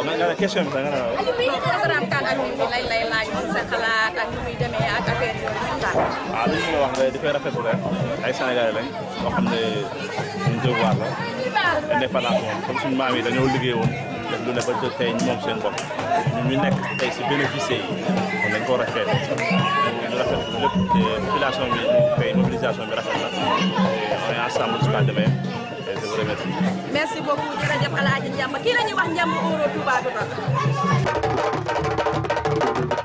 waaw nga ne question bi nga ne waaw. lay lay laaj sa xalaat ak muy demee ak affaire yooyu waaw li ñu wax rek eh, dafay rafetlu rek eh. ay Sénégalais lañ yoo xam ne suñu devoir la indépendance moom comme suñu maam yi dañoo liggéey woon def lu ne ba tey moom seen bopp ñun ñu nekk tey si bénéficié yi kon dañ ko rafet ñu rafet lépp population bi tey mobilisation bi rafet na on est ensemble jusqu'à demain remercie. merci beaucoup jërëjëf El Hadj Ndiamba kii la ñuy wax Ndiamba Ouro Touba Touba.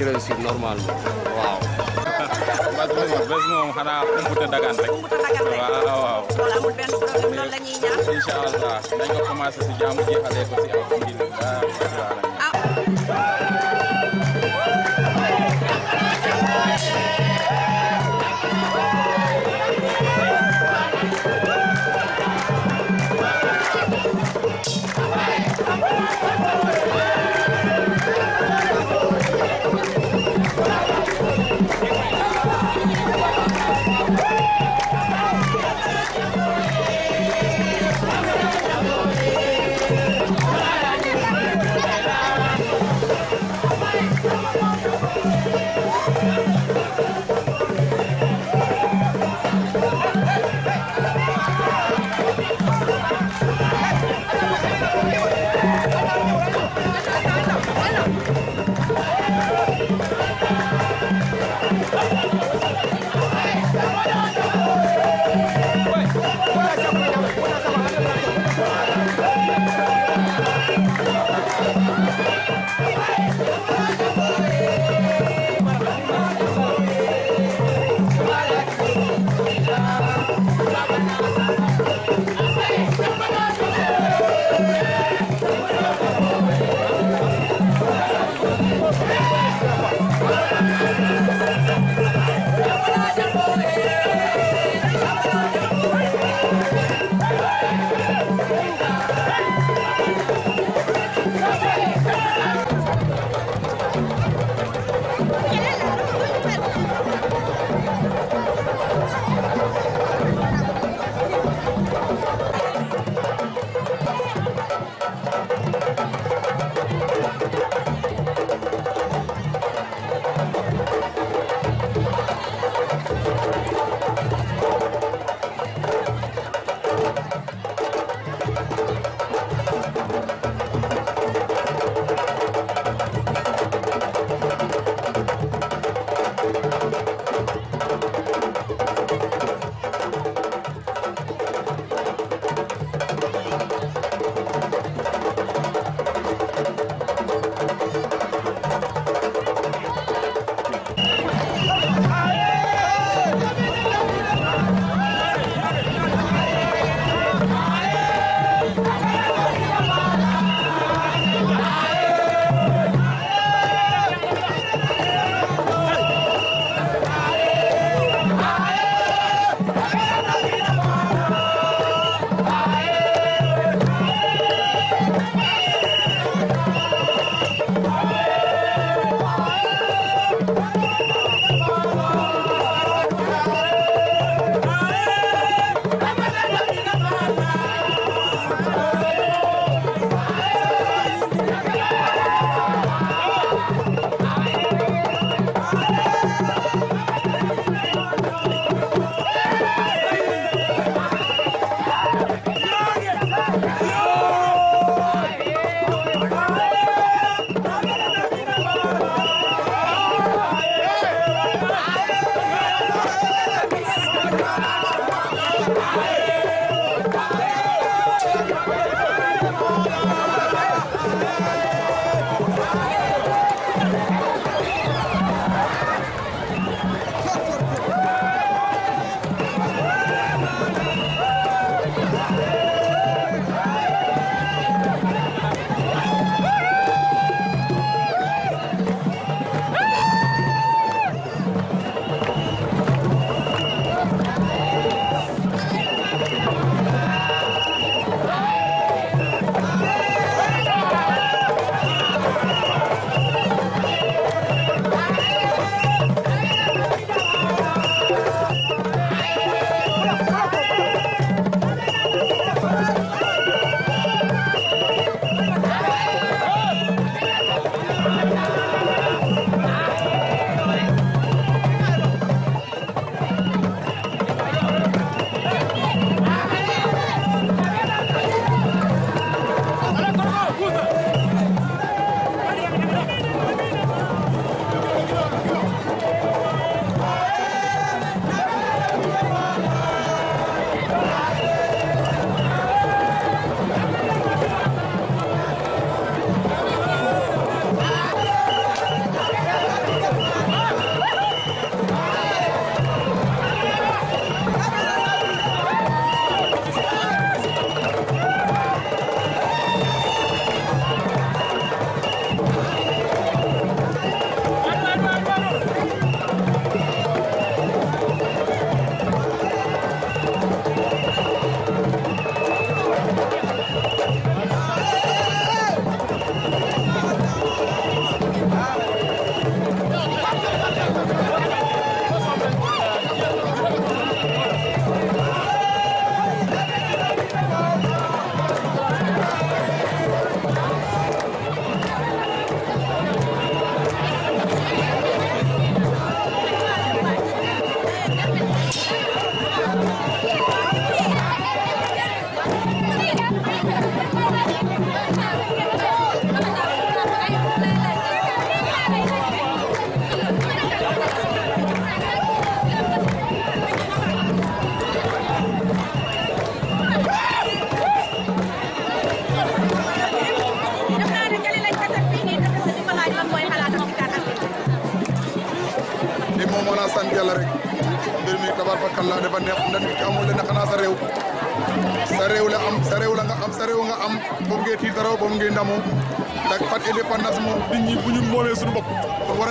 ci réussir normalement waaw. bés moom xanaa kumbuta a rek. waaw waaw. loolu si jàmm jeexalee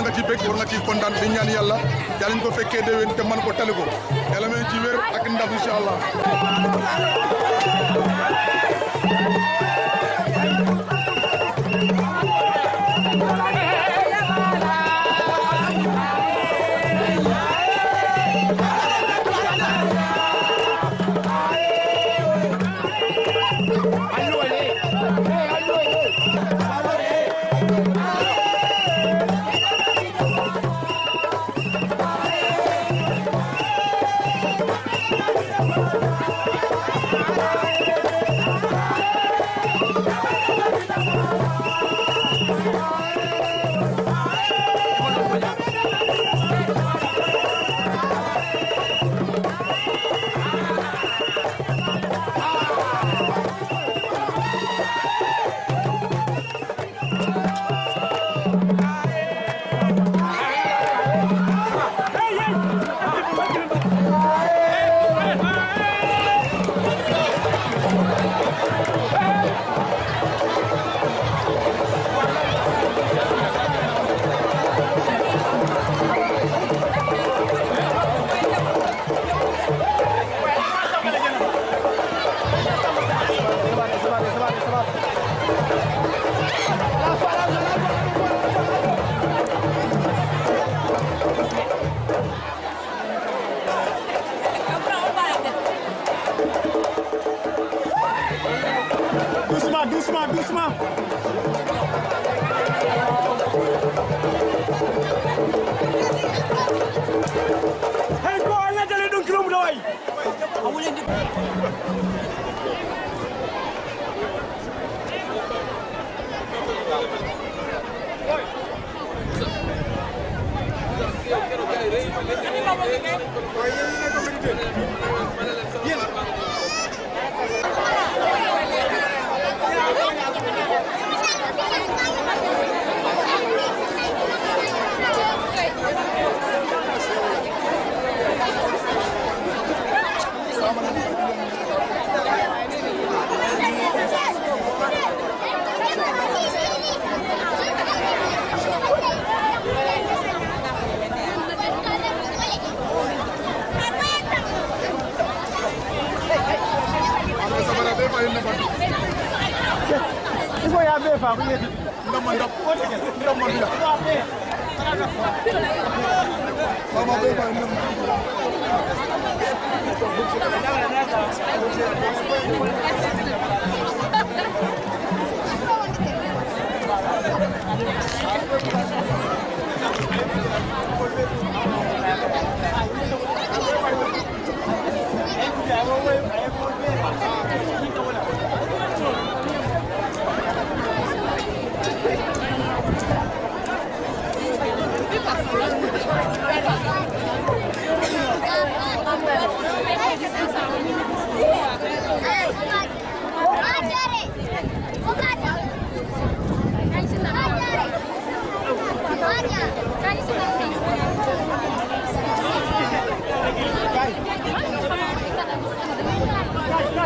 war nga ci bég war nga ci kontaan di ñaan yàlla yàlla ñu ko te man ko tali ko yàlla may ci wér ak ndam leen di. waaye yéen ñi nekk communauté. Iko ya be fa kuye. Ndomo ndo kote ke. Ndomo ndo. Mama be fa ndomo. Thank you. Tanya, Tanya.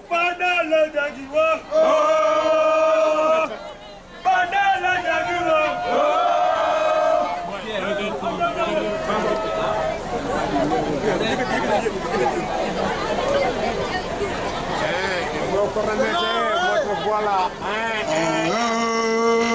Fada ló jagi wọ́. Fada ló jagi wọ́. Vous vous remettez votre voix là. Hein, hein. Oh,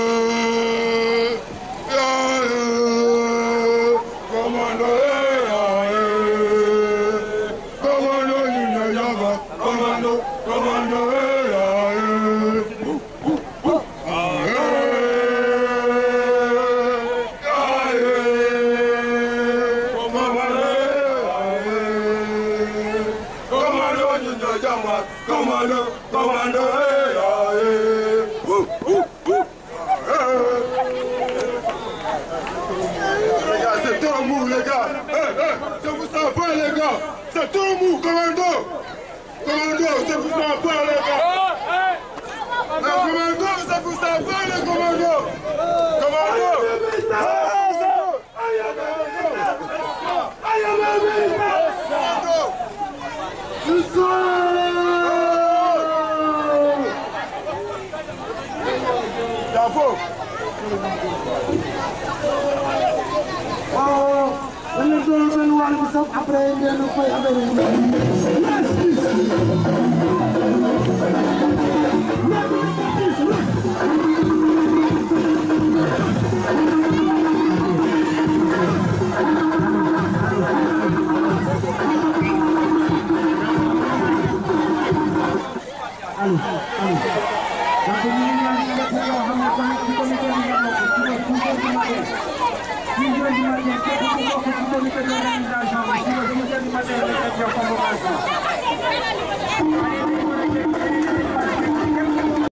après ngeen koy amee Merci.